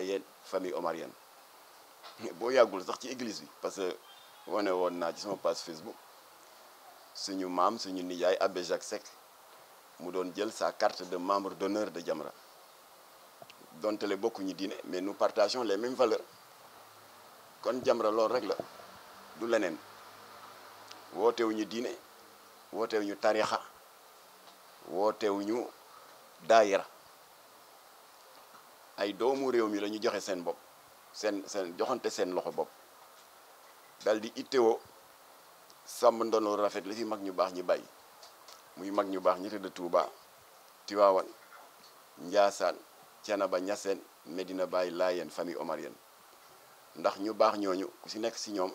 laayeen famille omarienne boo yàggul sax ci église bi parce que wane woon naa ci sama page Facebook suñu maam suñu nijaay abbé Jacques Seck mu doon jël sa carte de membre d'honneur de Jamra donte le bokkuñu diine mais nu partageons les mêmes valeurs kon Jamra loolu rek la du leneen wootewuñu diine wootewuñu tarixa wootewuñu daayira ay doomu réew mii la ñu joxe seen bopp seen seen joxante seen loxo bopp dal di ittewoo sàmm ndono rafet li fi mag ñu baax ñi bàyyi muy mag ñu baax ñi tëdd Touba Tiwaawan Njaasaan Canaba Ñaseen Medina Baye Laayeen famille Omarienne ndax ñu baax ñooñu ku ci nekk si ñoom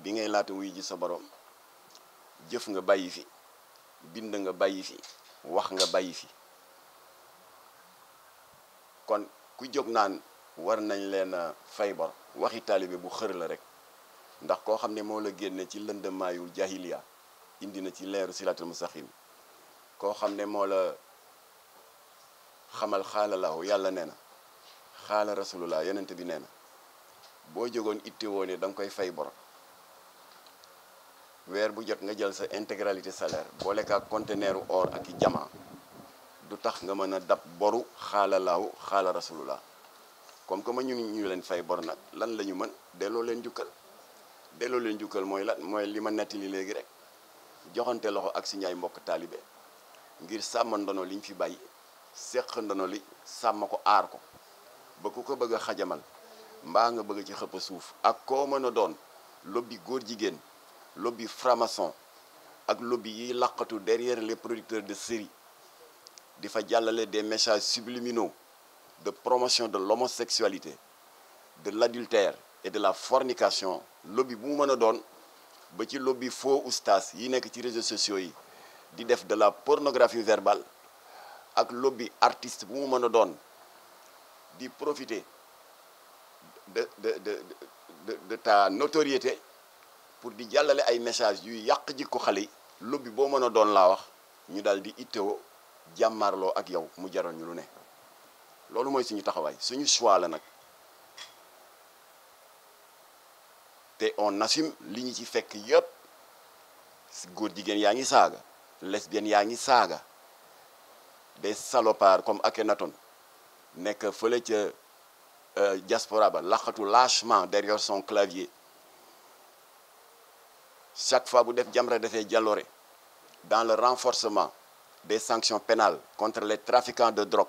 bi ngay laata wuy ji sa borom jëf nga bàyyi fi bind nga bàyyi fi wax nga bàyyi fi kon ku jóg naan war nañ leen a fay bor waxi taalibe bu xër la rek ndax koo xam ne moo la génne ci lëndëmaayul jahiliya indi na ci leeru silaatul mustaxim koo xam ne moo la xamal xaala laahu yàlla nee na xaala rasulullah yenent bi nee boo jógoon itte woo ne da nga koy fay bor weer bu jot nga jël sa intégralité salaire boole kaa conteneeru or ak i jamaa du tax nga mën a dab boru xaala laaw xaala rasulullah comme que ma ñu ñu leen fay bor nag lan la ñu mën delloo leen jukkal delloo leen jukkal mooy lan mooy li ma nettali léegi rek joxante loxo ak si ñaay mbokk taalibe ngir sàmm ndono liñ fi bàyyi seq ndono li sàmm ko aar ko ba ku ko bëgg xajamal mbaa nga bëgg ci xëpp suuf ak koo mën a doon lobby góor jigéen lobby franc ak lobby yiy laqatu derrière les producteurs de série di fa jàllale des messages subliminaux de promotion de l'homosexualité de l'adultère et de la fornication lobby bu mu mën a doon ba ci lobby foo oustas yi nekk ci réseaux sociaux yi di def de la pornographie verbale ak lobby artiste bu mu mën a doon di profiter de de de de de ta notoriété pour di jàllale ay messages yuy yàq jikko xale yi lobby boo mën a doon laa wax ñu daal di ittewoo jàmmaarloo ak yow mu jaral ñu lu ne loolu mooy suñu taxawaay suñu choix la nag te on assume li ñu ci fekk yépp góor jigéen yaa ngi saaga lesbienne yaa ngi saaga des salopards comme ak Akhenaton nekk fële ca euh, diaspora ba laqatu lâchement derrière son clavier chaque fois bu def Jamra dafay jàlloore dans le renforcement des sanctions pénales contre les trafiquants de drogue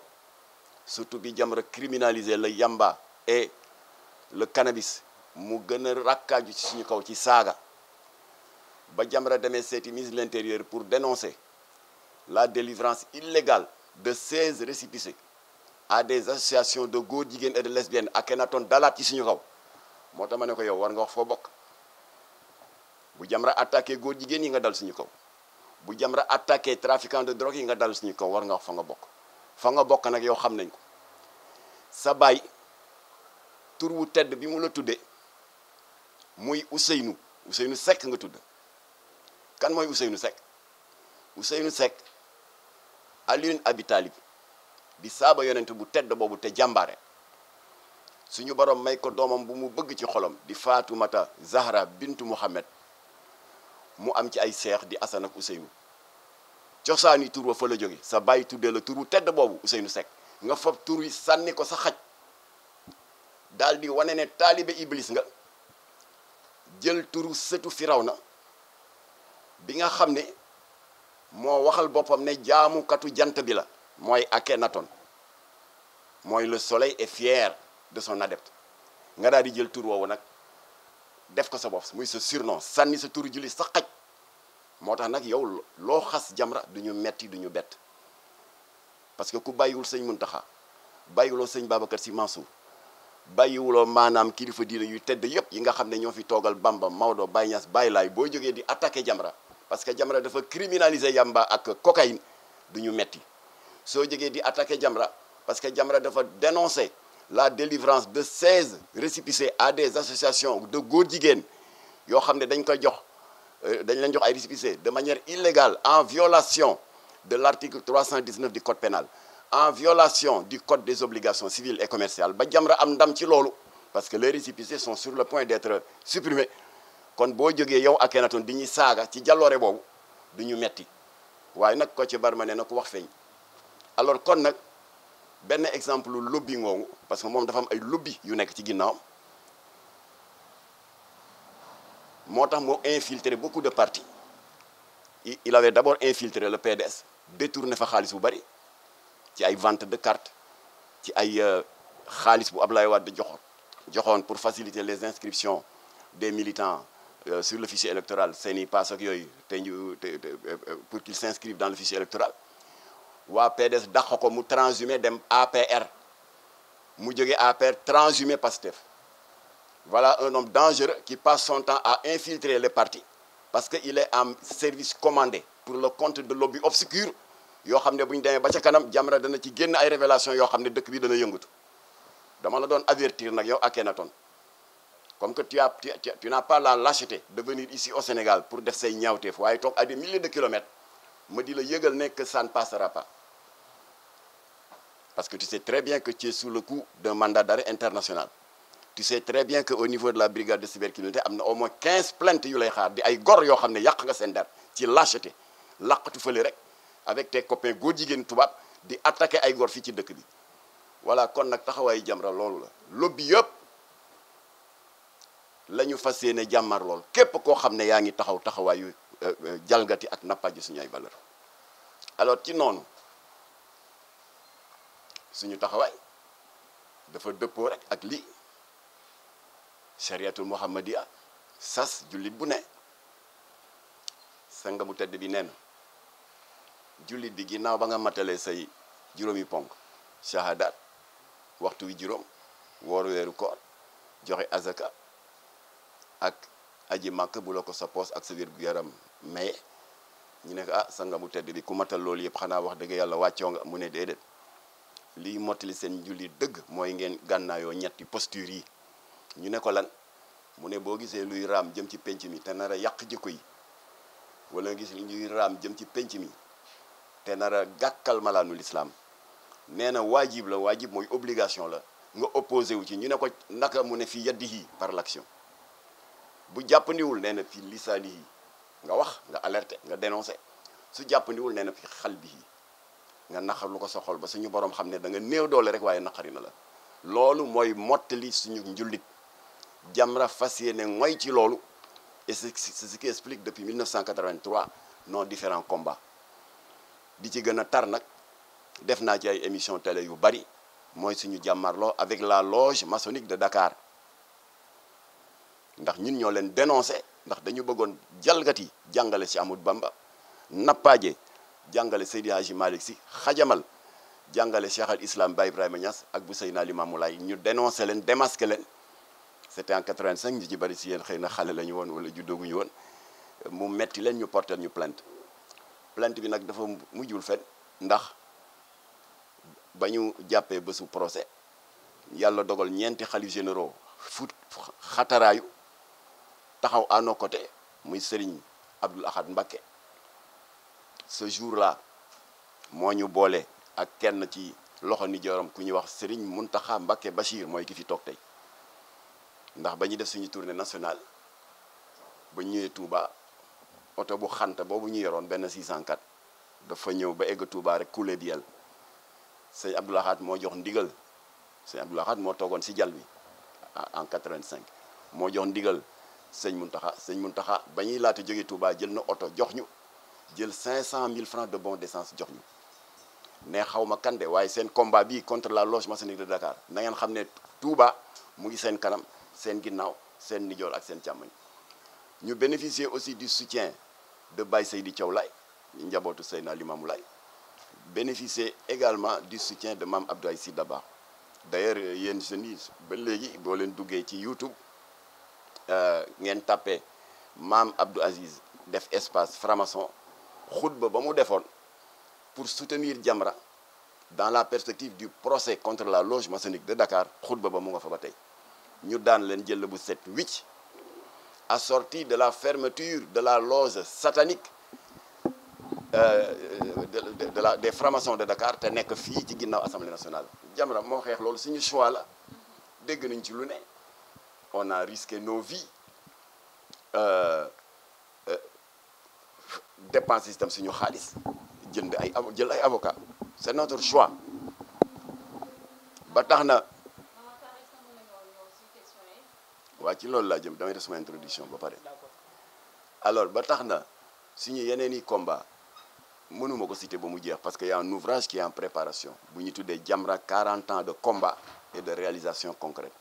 surtout bi Jamra criminaliser la yamba e le cannabis mu gën a rakkaaju ci suñu kaw ci saaga ba Jamra demee seeti ministre de l'intérieur pour dénoncer la délivrance illégale de 16 récépissés à des associations de góor jigéen et de lesbiennes Akhenaton dalaat ci suñu kaw moo tax ma ne ko yow war nga wax foo bokk bu Jamra attaque góor jigéen yi nga dal suñu kaw bu Jamra attaqué trafiquant de drogue yi nga dal suñu ko war nga fanga fa bokk fa nga bokk nag yow xam nañ ko sa baay tur wu tedd bi mu la tuddee muy Ousseynou Ousseynou Seck nga tudd kan mooy Ousseynou Seck Ousseynou Seck Alioune Abi Talib di saaba yonent bu tedd boobu te jàmbaare suñu borom may ko doomam bu mu bëgg ci xolom di Faatumata Zahra bintu Muhammad mu am ci ay seex di Assane ak Ousseynou cosaan yi tur ba fa la jóge sa bàyyi tuddee la tur bu tedd boobu Ousseynou Seck nga fab tur yi sànni ko sa xaj daal di wane ne taalibe Iblis nga jël tur turu sëtu na bi nga xam ne moo waxal boppam ne jaamukatu jant bi la mooy Akhenaton mooy le soleil est fier de son adepte nga daal di jël tur woowu nag def ko sa bopp muy sa surnom sànni sa tur julli sa xaj moo tax nag yow loo xas jamra du ñu metti du ñu bett parce que ku bàyyiwul sëñ mun Muntaxa bàyyiwuloo sëñ Babacar Si Mansour bàyyiwuloo maanaam kilifa diine yu tedd yépp yi nga xam ne ñoo fi toogal Bamba Maodo Baye Niass Baye Laay boo jógee di attaqué jamra parce que jamra dafa criminaliser yamba ak cocaïne du ñu metti soo jógee di attaqué jamra parce que jamra dafa dénoncer la délivrance de 16 récépissés à des associations de góor jigéen yoo xam ne dañ koy jox Euh, dañ leen jox ay récépissé de manière illégale en violation de l'article 319 du code pénal en violation du code des obligations civiles et commerciales ba Jamra am ndam ci loolu parce que les récépissés sont sur le point d'être supprimés kon boo jogee yow ak Akhenaton di ñuy saaga ci jaloore boobu du ñu metti waaye nag ko ci barma ne na ko wax feeñ alors kon nag benn exemple lobby ngoogu parce que moom dafa am ay lobby yu nekk ci ginnaawam moo tax moo infiltré beaucoup de partis il avait d'abord infiltré le PDS détourné fa xaalis bu bari ci ay vente de cartes ci ay euh, xaalis bu Ablaye Wade joxoon joxoon pour faciliter les inscriptions des militants euh, sur le fichier électoral seeni pass ak yooyu te ñu euh, pour qu'ils s'inscrivent dans le fichier électoral waa PDS dàq ko mu transhumé dem APR mu jóge APR transhumé Pastef Voilà un homme dangereux qui passe son temps à infiltrer les partis parce qu'il est en service commandé pour le compte de lobby obscur yoo xam ne bu ñu demee ba ca kanam Jamra dana ci génn ay révélation yoo xam ne dëkk bi dana yëngatu dama la doon avertir nag yow Akhenaton comme que tu as tu, tu, tu n'as pas la lâcheté de venir ici au Sénégal pour def say ñaawteef waaye toog à des milliers de kilomètres ma di la yëgal ne que ça ne passera pas parce que tu sais très bien que tu es sous le coup d'un international tu sais très bien que au niveau de la brigade de cybercriminalité am na au moins 15 plaintes yu lay xaar di ay gor yoo xam ne yàq nga seen der ci lâcheté làqatu fële rek avec tes copains góor jigéen tubaab di attaqué ay gor fii ci dëkk bi voilà kon nag taxawaayu Jamra loolu la lobby yëpp lañu fa fas yéene jàmmar lool képp koo xam ne yaa ngi taxaw taxawaayu euh, euh, jalgati ak nappaji suñu ay valeur alors ci noonu suñu taxawaay dafa dëppoo rek ak lii chariatul muhammadiya sas jullit bu ne sanga bu tedd bi nee jullit bi ginnaaw ba nga matalee say juróomi ponk shahadaat waxtu wi juróom woor weeru koor joxe azaka ak aji màkk bu la ko sa poos ak sa wér bu yaram maye ñu ne ko ah sanga bu tedd bi ku matal loolu yëpp xanaa wax dëgg yàlla wàccoo nga mu ne déedéet liy mottali seen jullit dëgg mooy ngeen gànnaayoo ñetti posture yi ñu ne ko lan mu ne boo gisee luy raam jëm ci penc mi te nar a yàq jikko yi walla nga gis luy raam jëm ci pénc mi te nar a gàkkal malaanu lislaam nee na waajib la waajib mooy obligation la nga opposé wu ci ñu ne ko naka mu ne fi yaddihi par l'action bu jàppandiwul nee na fi lisaanihi nga wax nga alerte nga dénoncé su jàppandiwul nee na fi xalbihi nga naqar lu ko soxal ba suñu borom xam ne danga néew doole rek waaye naqari na la loolu mooy mottali suñu njullit Jamra fas yéene ngoy ci loolu et c'est ce qui explique depuis 1983 nos différents combats di ci gën a tar nag def naa ci émission télé yu bari mooy suñu jàmmarloo avec la loge maçonnique de Dakar ndax ñun ñoo leen dénoncé ndax dañu bëggoon jalgati jàngale ci Amadou Bamba nappaaje jàngale Seydi Hadji Malick Sy xajamal jàngale Cheikh al Islam Baye Ibrahima Niass ak bu Seydina Limamou Laye ñu dénoncé leen démasqué leen c'était en 85 ñi ci bari si yéen xëy na xale la ñu woon wala juddooguñu woon mu metti leen ñu porter ñu plainte plant bi nag dafa mujjul fen ndax ba ñu jàppee bésu procès yàlla dogal ñeenti xalif généro fu xataraayu taxaw à nos muy sëriñ Abdoul Ahad Mbacké ce jour-là moo ñu boole ak kenn ci loxo ni jorom ku ñuy wax Serigne Mountakha Mbacké Bachir mooy ki fi toog tey ndax ba ñu def suñu tournée nationale ba ñëwee Touba oto bu xant boobu ñu yoroon benn 604 dafa ñëw ba egg Touba rek coulé di yàlla sëñ Abdou moo jox ndigal sëñ Abdou Lahad moo toogoon si jal bi en 85 moo jox ndigal sëñ Mountakha sëñ Mountakha ba ñuy laata jógee Touba jël na oto jox ñu jël cent mille francs de bon d'essence jox ñu ne xaw ma kan de waaye seen combat bi contre la loge maçonnique de Dakar na ngeen xam ne Touba mu ngi seen kanam. seen ginnaaw seen nijoor ak seen càmmoñ ñu bénéficier aussi di soutien de Baye Seydi Thiaw Laye njabootu Seydina Limamou Laye bénéficier également du soutien de Mame Abdoulaye Sy Dabakh d'ailleurs euh, yéen jeunes yi ba léegi boo leen duggee ci YouTube euh, ngeen tàppee Mame Abdou Aziz def espace franc-maçon xutba ba mu defoon pour soutenir Jamra dans la perspective du procès contre la loge maçonnique de Dakar xutba ba mu nga fa ba tey ñu daan leen jël bu set wicc assorti de la fermeture de la loge satanique euh, de, de, de la des francs-maçons de Dakar te nekk fii ci ginnaaw assemblée nationale. Jamra moo xeex loolu suñu choix la dégg nañ ci lu ne on a risqué nos vies euh, euh, dépense itam suñu xaalis jënd ay jël ay avocat c'est notre choix ba tax na. waa ci loolu laa jëm damay def sama introduction ba pare alors ba tax na suñu yeneen i combat mënuma ko citer ba mu jeex parce que y a ouvrage qui est en préparation bu ñu tuddee jambra 40 ans de combat et de réalisation concrète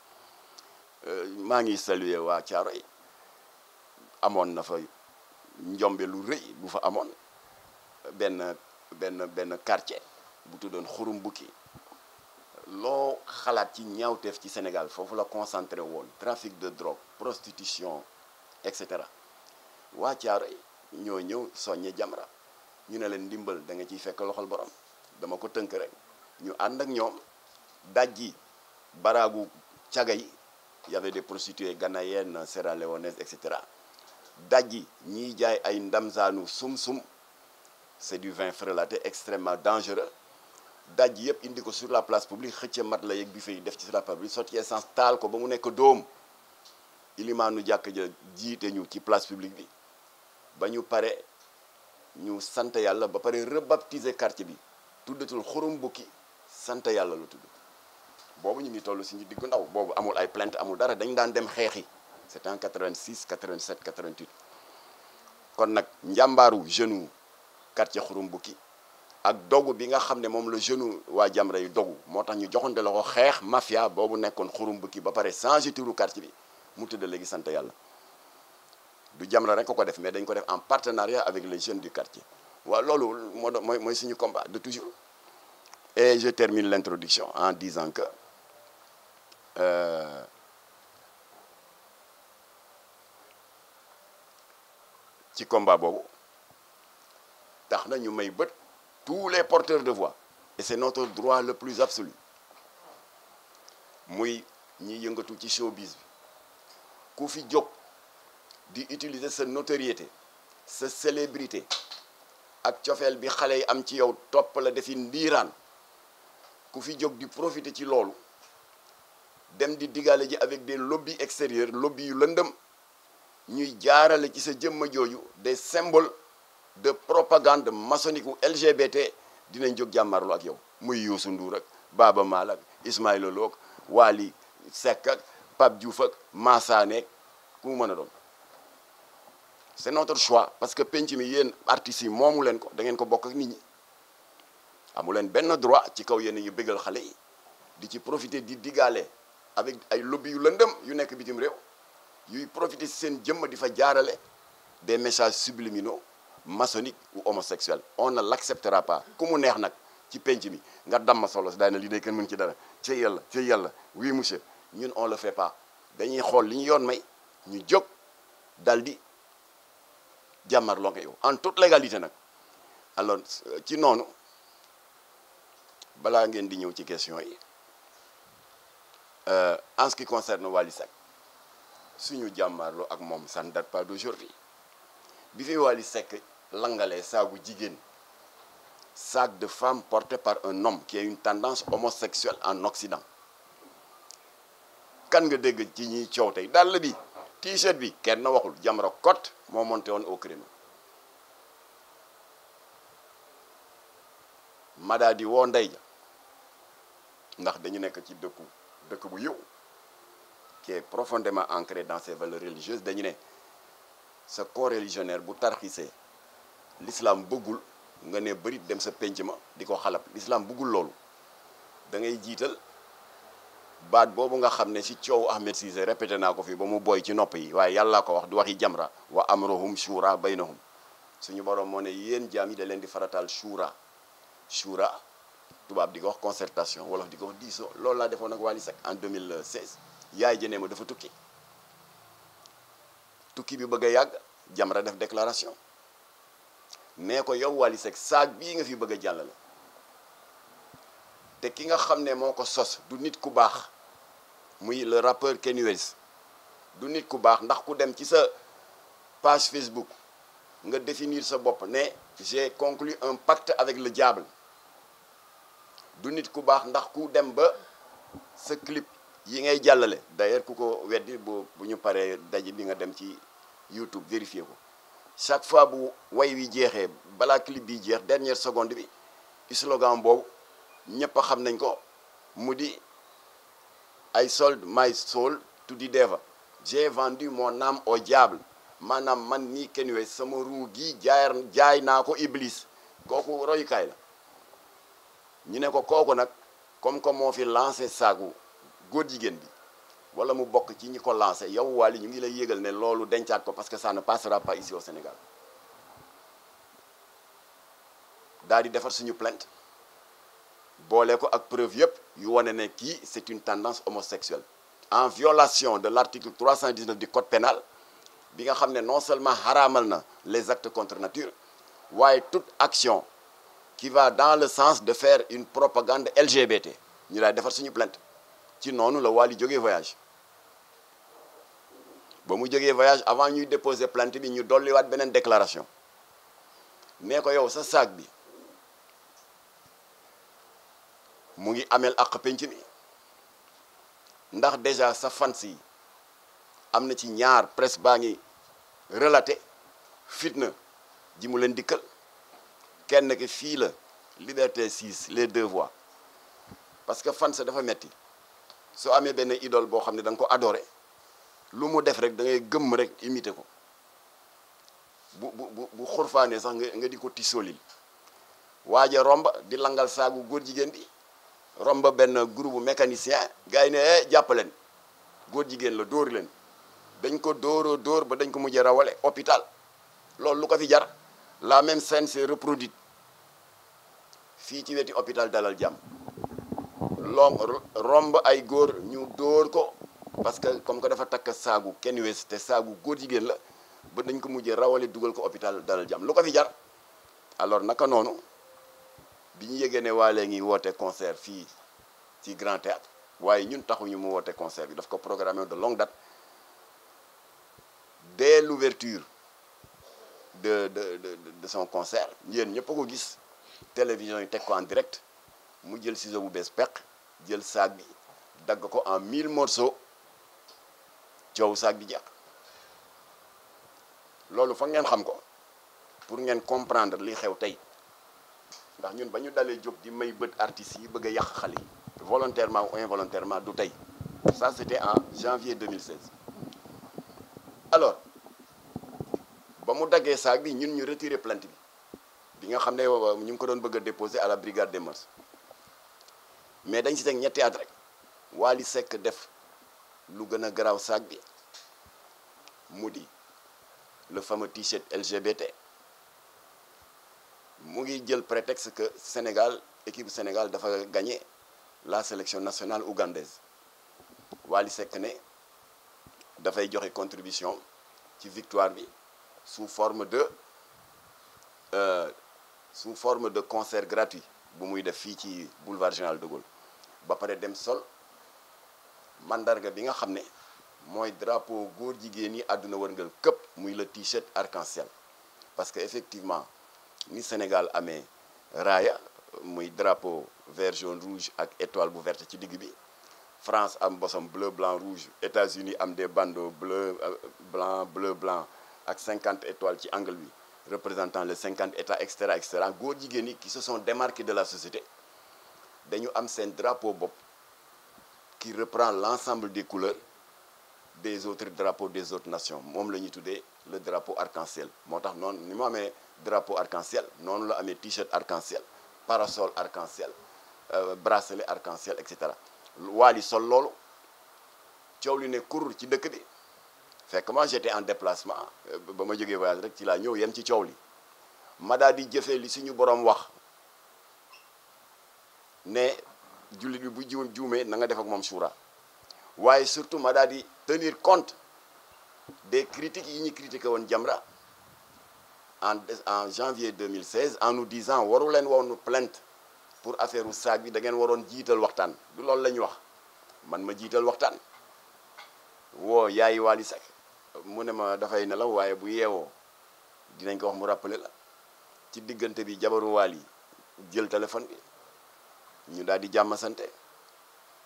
euh, maa ngi saluer waa Thiaroye amoon na fa njombe lu rëy bu fa amoon benn benn benn quartier bu tuddoon xurum bukki loo xalaat ci ñaawteef ci Sénégal foofu la concentré woon trafic de drogue prostitution et cetera waa Caaroy ñoo ñëw soñee Jamra ñu ne leen ndimbal da nga ciy fekk loxol borom dama ko tënk rek ñu ànd ak ñoom dàjji baraagu caga yi y avait des prostituées ghanéennes sierra-léonaises et cetera dajji ñiy jaay ay ndamsaanu sum-sum c'est du vin frelaté extrêmement dangereux daj yëpp indi ko sur la place publique xëcce mat la yeeg bi fay def ci sur la place publique sotti essence taal ko ba mu nekk dóom ilimaanu jàkk ja jiite ñu ci place publique bi ba ñu pare ñu sant yàlla ba pare rebaptiser quartier bi tuddatul xurum bukki sant yàlla la tudd boobu ñu ngi toll si ñu diggu ndaw boobu amul ay plainte amul dara dañ daan dem xeexi c'est en 86 87 88 kon nag njàmbaaru jeune quartier xurum bukki ak dogu bi nga xam ne moom la jeune waa Jamra yu dogu moo tax ñu joxante la ko xeex mafia boobu nekkoon xurum bukki ba pare changé turu quartier bi mu tudd léegi sant yàlla du Jamra rek ko ko def mais dañ ko def en partenariat avec les jeunes du quartier waaw loolu mooy mooy suñu combat de toujours en disant que euh, ci combat boobu tax na ñu may bët tous les porteurs de voix et c'est notre droit le plus absolu muy ñiy yëngatu ci showbiz bi ku fi jóg di utiliser sa notoriété sa célébrité ak cofeel bi xale yi am ci yow topp la defi ndiiraan ku fi jóg di profité ci loolu dem di digaale ji avec des lobbies extérieurs lobby yu lëndëm ñuy jaarale ci sa jëmma jooju des symboles de propagande maçonnique u LGBT dinañ jog jàmmarlu ak yow muy Youssou Ndour ak Baaba Maal ak Ismaïla Lo ak Wally Seck ak Pape ku mu mën a doon c'est notre choix parce que penc mi yéen artistes yi moomu leen ko da ngeen ko bokk ak nit ñi amu leen benn droit ci kaw yéen ñu bëggal xale yi di ci profiter di digaale avec ay lobby yu lëndëm yu nekk bitim réew yuy profiter si seen jëmma di fa jaarale des messages subliminaux maçonnique ou homosexuel on ne l'acceptera pas ku mu neex nag ci penc mi nga dam ma solo si daay na lii day kenn mën ci dara ci yàlla ci yàlla oui monsieur ñun on le fait pas dañuy xool li ñu yoon may ñu jóg dal di jàmmarloo nga yow en toute légalité nag alors ci noonu balaa ngeen di ñëw ci question yi euh, en ce qui concerne Wally Seck suñu jàmmarloo ak moom ça ne date pas d'aujourd'hui bi fi Wally Seck langalee saagu jigéen sac de femme porté par un homme qui a une tendance homosexuelle en Occident kan nga dégg ci ñiy coow tey dàll bi t-shirt bi kenn waxul Jamra Cotte moo monté woon au créneau madaa woo ndey ja ndax dañu nekk ci dëkku dëkk bu yëw qui est profondément ancré dans ses valeurs dañu ne sa corps bu tarxisee lislaam bëggul nga ne bëri dem sa penc ma di ko xalab l'islam bëggul loolu da ngay jiital baat boobu nga xam ne si coow Ahmed Cissé répété naa ko fii ba mu boy ci nopp yi waaye yàllaa ko wax du waxi jamra wa amruhum shura baynahum suñu borom moo ne yéen jaam yi da leen di farataal shura shura tubaab di ko wax consertation wolof di ko wax diisoo loolu laa defoon ak Wally Seck en 2016 yaay jënee ma dafa tukki tukki bi bëgg a yàgg jamra def déclaration mais ko yow Wally saak bii nga fi bëgg a jàllale te ki nga xam ne moo ko sos du nit ku baax muy la rappeur Kanye West du nit ku baax ndax ku dem ci sa page Facebook nga définir sa bopp ne j'ai conclu un pacte avec le diable du ku baax ndax ku dem ba sa clip yi ngay jàllale d'ailleurs ku ko weddi bu bu ñu paree daje bi nga dem ci YouTube vérifier ko chaque fois bu way wi jeexee balaa clip bi jeex dernière seconde bi slogan boobu ñëpp a xam nañ ko mu di I sold my soul to the devil g vendu mon âme au diable maanaam man nii kenn we sama ruu gi jaayar jaay naa ko Iblis kooku royukaay la ñu ne ko kooku nag comme que moo fi lancé saagu góor jigéen bi wala mu bokk ci ñi ko lancé yow Wally ñu ngi lay yëgal ne loolu dencaat ko parce que ça ne passera pas ici au Sénégal daal di defar suñu plainte boole ko ak preuve yëpp yu wane ne kii c'est une tendance homosexuelle en violation de l'article 319 du code pénal bi nga xam ne non seulement xaraamal na les actes contre nature waaye toute action qui va dans le sens de faire une propagande LGBT ñu daay defar suñu plainte ci noonu la Wally jógee voyage ba mu jegee voyage avant ñuy déposer plainte bi ñu dolliwaat beneen déclaration nee ko yow sa saak bi mu ngi ameel ak penc mi ndax déjà sa fans yi am na ci ñaar presque baa ngi relaté fitna ji mu leen dikkal kenn ki fii la liberté 6 les deux voies parce que fans dafa metti soo amee benn idole boo xam ne da ko adoré lu mu def rek da ngay gëmm rek imité ko bu bu bu xurfaanee sax nga di ko tisolil waaja romb di langal saagu góor jigéen bi romb benn groupe mécanicien gars yi ne eh góor jigéen la dóor leen dañ ko dóoroo dóor ba dañ ko mujjee rawale hôpital loolu lu ko fi jar la même scène s'est reproduite fii ci weti hôpital dalal jàmm lom romb ay góor ñu dóor ko parce que comme que dafa takk saagu kenn wees te saagu góor jigéen la ba dañ ko mujjee rawale dugal ko hôpital Dalal Jàmm lu ko fi jar alors naka noonu bi ñu yëgee ne waalee ngi woote concert fii ci Grand Théâtre waaye ñun taxuñu mu woote concert bi daf ko programme de longue date dès l'ouverture de de de son concert yéen ñëpp a ko gis télévision yi teg ko en direct mu jël ciseau bu bees peq jël saag bi dagg ko en mille morceaux coow saag bi jeex loolu fa ngeen xam ko pour ngeen comprendre li xew tey ndax ñun ba ñu dalee jóg di may bët artistes yi bëgg a yàq xale yi volontairement ou involontairement du tey ça c'était en janvier 2016 alors ba mu daggee saag bi ñun ñu retiré plainte bi bi nga xam ne ñu ngi ko doon bëgg a déposer à la brigade des mœurs mais dañ si teg ñetti at rek waa Wally Seck def lu gën a garaaw saag bi mu di le fameux t-shirt LGBT mu ngi jël prétexte que Sénégal équipe Sénégal dafa gagné la sélection nationale ougandaise Wally Seck ne dafay joxe contribution ci victoire bi sous forme de euh, sous forme de concert gratuit bu muy def fii ci boulevard Général de Gaulle ba pare dem sol mandarga bi nga xam ne mooy drapeau góor jigéen yi àdduna wërngal këpp muy le t-shirt parce que effectivement ni Sénégal amee raaya muy drapeau vert jaune rouge ak étoile bu verte ci digg bi France am bosom bleu blanc rouge États-Unis am des bandeaux bleu euh, blanc bleu blanc ak 50 étoiles ci angle bi représentant le 50 états et cetera et cetera góor jigéen yi qui se sont démarqués de la société dañu am seen drapeau bopp qui reprend l'ensemble de couleurs des autres drapeaux des autres nations moom la ñuy tuddee le drapeau arc moo tax noonu ni mu amee drapeau arc noonu la amee t-shirt arc-en-ciel parasol arc-en-ciel euh, bracelet arc-en-ciel sol loolu coow li ne kur ci dëkk bi fekk man j'étais en déplacement euh, ba ma jógee voyage rek ci laa ñëw yem ci coow li ma daal di jëfee li suñu borom wax ne jullit bi bu jiwam juumee na nga def ak moom suura waaye surtout ma daal di tenir compte des critiques yi ñu critiqué woon Jamra en en janvier 2016 en nous disant waru leen woon plainte pour affaire u saag bi dangeen waroon jiital waxtaan du loolu la ñu wax man ma jiital waxtaan woo yaayi Waly Seck mu ne ma dafay nelaw waaye bu yeewoo dinañ ko wax mu rappelé la ci diggante bi jabaru yi jël téléphone bi ñu daal di jàmm sante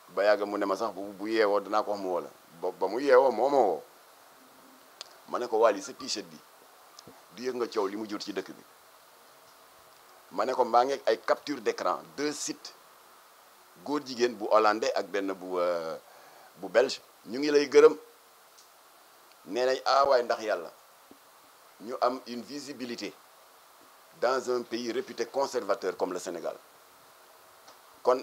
ba yàgg mu ne ma sax bu bu yeewoo danaa ko wax mu woo la ba mu yeewoo moo ma ne ko Wally sa t bi du yëg nga coow li mu jur ci dëkk bi ma ne ko maa ngi ay capture d'écran deux sites góor jigéen bu hollandais ak benn bu euh, bu belge ñu ngi lay gërëm nee nañ ah waaye ndax yàlla ñu am une visibilité dans un pays réputé conservateur comme le Sénégal kon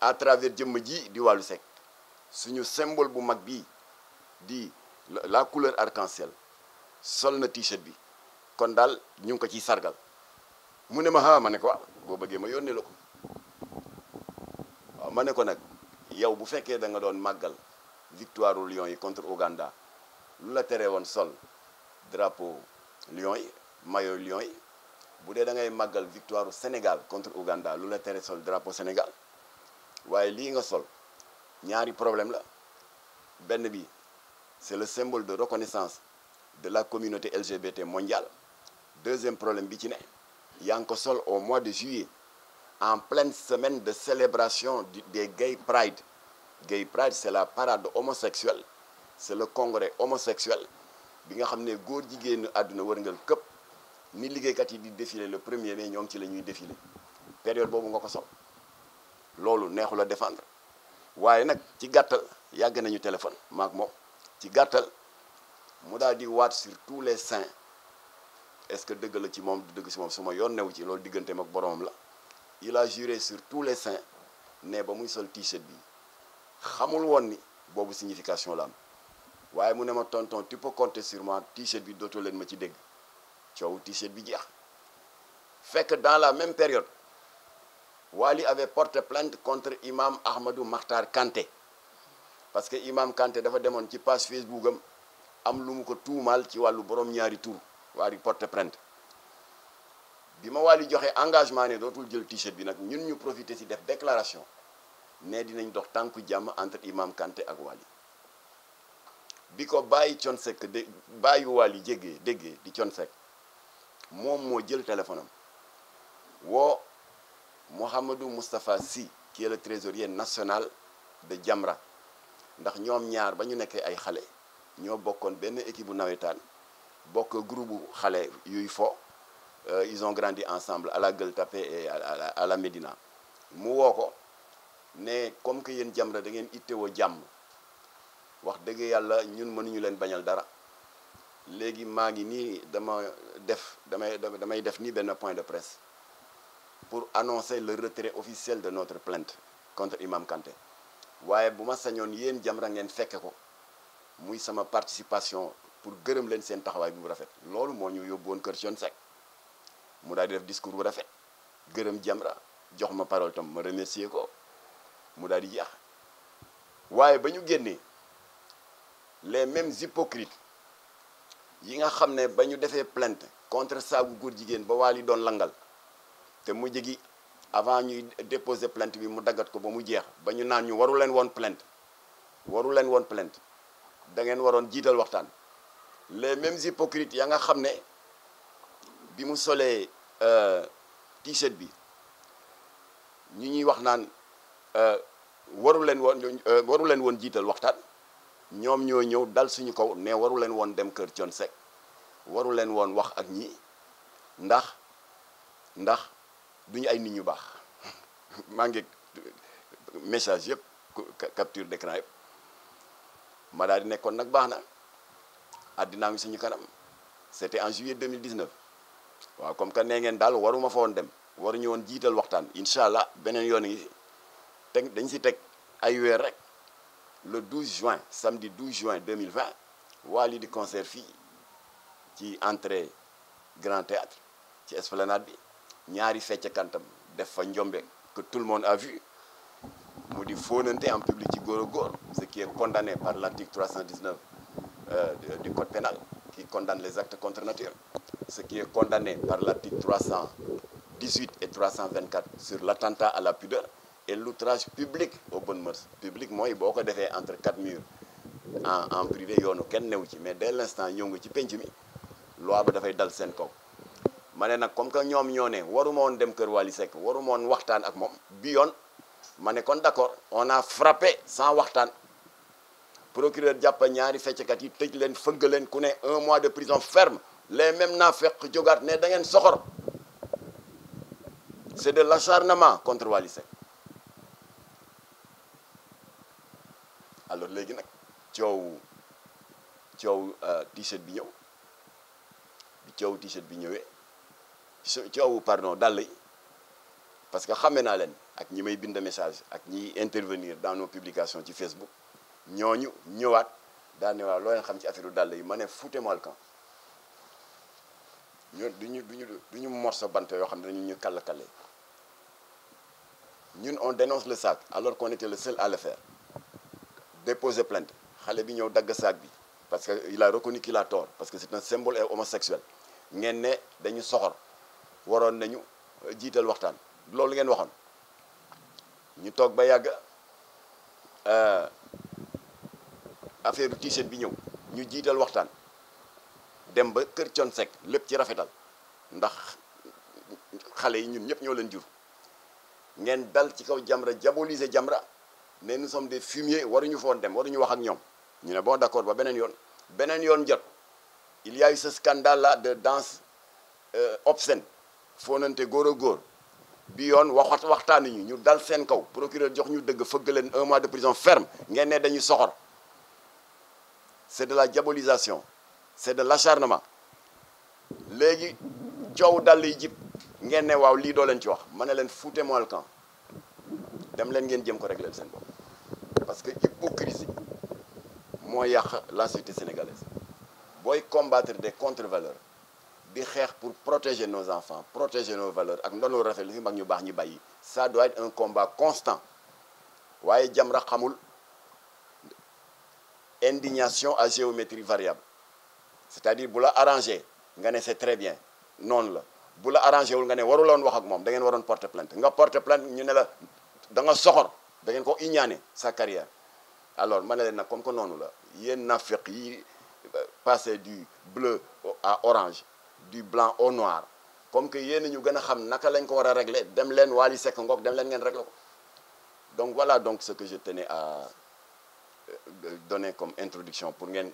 à travers jëmm ji di Wally Seck suñu symbole bu mag bi di la couleur arc en sol na t-shirt bi kon daal ñu ngi ko ciy sargal mu ne ma ah ma ne ko waaw ah, boo bëggee ma yónnee la ko waaw ma ne ko nag yow bu fekkee da nga doon màggal victoire u Lions yi contre Ouganda lu la teree woon sol drapeau Lions yi maillot Lions yi bu dee da ngay màggal victoire Sénégal contre Ouganda lu la tere sol drapeau Sénégal waaye lii nga sol ñaari problème la benn bi c'est le symbole de reconnaissance de la communauté LGBT mondiale deuxième problème bi ci ne yaa ngi ko sol au mois de juillet en pleine semaine de célébration des Gay Pride Gay Pride c'est la parade homosexuelle c'est le congrès homosexuel bi nga xam ne góor jigéenu àdduna wërngal këpp ni liggéeykat yi di défilé le premier mai ñoom ci la ñuy défilé période boobu nga ko sol loolu neexul a défendre waaye nag ci gàttal yàgg nañu téléphone maak moom ci gàttal mu daal di waat sur tous les saints est-ce que dëgg la ci moom du dëgg si moom suma yoon newu ci loolu digganteem ak boromam la il a juré sur tous les saints ne ba muy sol t-shirt bi xamul woon ni boobu signification la am waaye mu ne ma tonton tu peux compter sur moi t-shirt bi dootoo leen ma ci dégg. coow t-shirt bi jeex fekk dans la même période Wali avait port plainte contre imam Ahmadou Makhtar Kanté parce que imam Kanté dafa demoon ci page Facebook am am lu mu ko tuumaal ci wàllu borom ñaari tur Wali porté plainte bi ma Wali joxe engagement ne dootul jël t bi nag ñun ñu profité ci def déclaration ne dinañ dox tànku jàmm entre imam Kanté ak Wali bi ko bàyyi Thione Seck de bàyyi Wali jéggee déggee di Thione Seck moom moo jël téléphone am woo Mouhamadou Moustapha Sy qui est le trésorier national de Jamra ndax ñoom ñaar ba ñu nekkee ay xale ñoo bokkoon benn équipe bu nawetaan bokk groupe bu xale yuy fo euh, ils ont grandi ensemble à la Gueule Tapée à la Médina mu woo ko ne comme que yéen Jamra da ngeen ittewoo jàmm wax dëgg yàlla ñun mënuñu leen bañal dara léegi maa ngi nii dama def damay damay def ni benn point de presse pour annoncer le retrait officiel de notre plainte contre Imam Kanté waaye bu ma sañoon yéen Jamra ngeen fekke ko muy sama participation pour gërëm leen seen taxawaay bu rafet loolu moo ñu yóbbu woon kër Thione Seck mu daal di def discours bu rafet gërëm Jamra jox ma parole tam ma remercier ko mu daal di jeex waaye ba ñu génnee les mêmes hypocrites yi nga xam ne ba ñu defee plainte contre saagu góor jigéen ba waali doon langal te mu jegi avant ñuy déposé plainte bi mu daggat ko ba mu jeex ba ñu naan ñu waru leen woon plainte waru leen woon plaint da ngeen waroon jiital waxtaan les mêmes hypocrites ya nga xam ne bi mu solee euh, t-shirt bi ñu ñuy wax naan euh, waru leen woon euh, waru leen woon jiital waxtaan ñoom ñoo ñëw dal suñu kaw ne waru leen woon dem kër Thione Seck waru leen woon wax ak ñi ndax ndax duñu ay nit ñu baax maa ngi message yëpp capture d'écran yëpp ma daal di nekkoon nag baax na àddinaa ngi suñu kanam c'était en juillet 2019 waaw comme que nee ngeen daal waruma fa woon dem waruñu woon jiital waxtaan incha allah beneen yoon yi teg dañ si teg ay weer rek le 12 juin samedi 12 juin 2020 waa lii di concert fii ci entrée grand théâtre ci esplanade bi ñaari feccakantam def fa njombe que tout le monde a vu mu di fóonante en public ci góor a góor ce qui est condamné par l'article 319 euh, du code pénal qui condamne les actes contre nature ce qui est condamné par l'article 318 et 324 sur l'attentat à la pudeur et l'outrage public aux bonnes public mooy boo ko defee entre quatre murs en en yoonu kenn newu ci mais dès l'instant ñëw nga ci penc mi loi ba dafay dal seen kaw ma ne nag comme que ñoom ñoo ne waruma woon dem kër Wally Seck waruma woon waxtaan ak moom bii yoon ma ne kon d'accord on a frappé sans waxtaan procureur jàpp ñaari fecckat yi tëj leen fëgg leen ku ne un mois de prison ferme les mêmes naa fekk jogaat ne da ngeen soxor c'est de la l'acharnement contre Wally Seck alors léegi nag coow coow euh, t-shirt bi ñëw ci aw t-shirt bi ñëwee ci aw pardon dàll yi parce que xame naa leen ak ñi may bind message ak ñiy intervenir dans nos publications ci Facebook ñooñu ñëwaat daal ne waaw loo leen xam ci affaire dàll yi mane ne foutez-moi le camp ñun duñu duñu duñu morso bant yoo xam ne dañu ñu kàll kàlle ñun on dénonce le sac alors qu'on était le seul à le faire déposer plainte xale bi ñëw dagg sac bi parce que il a reconnu qu'il a tort parce que c'est un symbole homosexuel ngeen ne dañu soxor waroon nañu euh, jiital waxtaan loolu ngeen waxoon ñu toog ba yàgg euh, affaire t-shirt bi ñëw ñu jiital waxtaan dem ba kër Thione Seck lépp ci rafetal ndax xale yi ñun ñëpp ñoo leen jur ngeen dal ci kaw Jamra diaboliser Jamra neen nous sommes des fumiers waruñu foon dem waruñu wax ak ñoom ñu ne bon d'accord ba beneen yoon beneen yoon jot il y a eu ce scandale-là de danse euh, obscène foonante góor a góor bi yoon waxat waxtaan ñu ñu dal seen kow procureur jox ñu dëgg fëgg leen un mois de prison ferme ngeen ne dañu soxor c'est de la diabolisation c'est de la l'acharnement léegi coow dal yi jib ngeen ne waaw lii doo leen ci wax ma ne leen foutez-moi le camp dem leen ngeen jëm ko régler seen bopp parce que hypocrisie moo yàq la société sénégalaise booy combattre des contre-valeurs di xeex pour protéger nos enfants protéger nos valeur ak ndono rafet li fi mag ñu baax ñu bàyyi ça doit être un combat constant waaye jam xamul indignation à géométrie variable c'est-à-dire bu la arrangé nga ne c'est très bien noonu la bu la arrangé wul nga ne waruloon wax ak moom da ngeen waroon porter plainte nga porter plainte ñu ne la da nga soxor da ngeen ko iñaane sa carrière alors ma ne leen nag comme noonu la yéen passer du bleu a orange du blanc au noir comme que yéen ñu gën a xam naka lañ ko war a régler dem leen Wally Seck ngoog dem leen ngeen régler ko donc voilà donc ce que je tenais à euh, donner comme introduction pour ngeen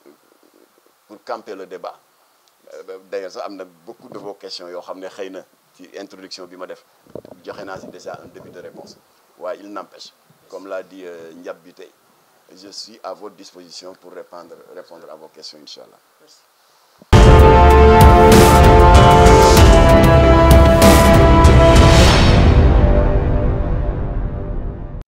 pour camper le débat euh, d'ailleurs sax am na beaucoup de vos questions yoo xam ne xëy na ci introduction bi ma def joxe naa si déjà un début de réponse waaye il n'empêche comme l'a di euh, Ndiab bi tey je suis à votre disposition pour répondre, répondre à vos questions, Inch'Allah.